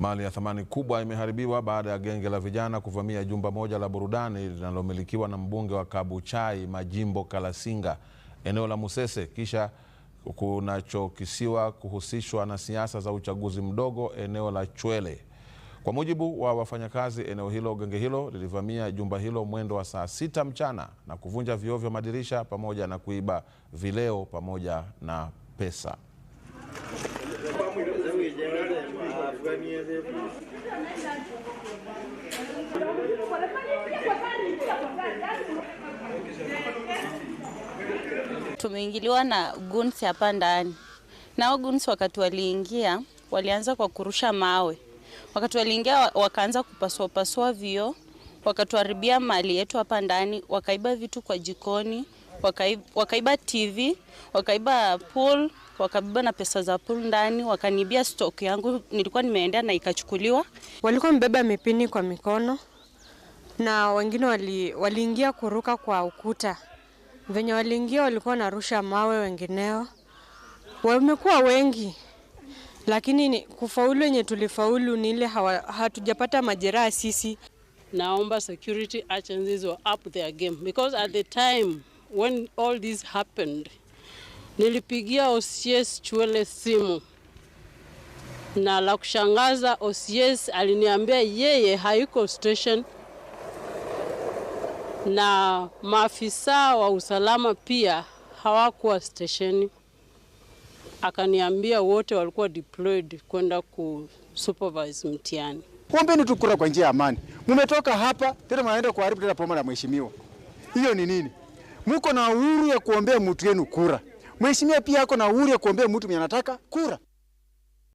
Mali ya thamani kubwa imeharibiwa baada ya genge la vijana kuvamia jumba moja la burudani linalomilikiwa na mbunge wa Kabuchai Majimbo Kalasinga eneo la Musese kisha kunachokisiwa kuhusishwa na siasa za uchaguzi mdogo eneo la Chwele. Kwa mujibu wa wafanyakazi eneo hilo, genge hilo lilivamia jumba hilo mwendo wa saa sita mchana na kuvunja vioo vya madirisha pamoja na kuiba vileo pamoja na pesa. tumeingiliwa na guns hapa ndani. Nao guns wakati waliingia walianza kwa kurusha mawe, wakati waliingia wakaanza kupasua pasua vioo, wakatuharibia mali yetu hapa ndani, wakaiba vitu kwa jikoni wakaiba, TV, wakaiba pool, wakabiba na pesa za pool ndani, wakanibia stock yangu nilikuwa nimeendea na ikachukuliwa. Walikuwa mbeba mipini kwa mikono na wengine wali, waliingia kuruka kwa ukuta. Venye waliingia walikuwa wanarusha mawe, wengineo wamekuwa wengi lakini ni kufaulu yenye tulifaulu ni ile hatujapata majeraha sisi. Naomba security agencies were up their game because at the time when all this happened, nilipigia OCS Chwele simu na la kushangaza, OCS aliniambia yeye hayuko station na maafisa wa usalama pia hawakuwa stesheni. Akaniambia wote walikuwa deployed kwenda ku supervise mtihani. Ombeni tu kura kwa njia ya amani. Mumetoka hapa tena mnaenda kuharibu tena pombe la mheshimiwa, hiyo ni nini? muko na uhuru ya kuombea mtu yenu kura. Mheshimiwa pia ako na uhuru ya kuombea mtu mwenye anataka kura.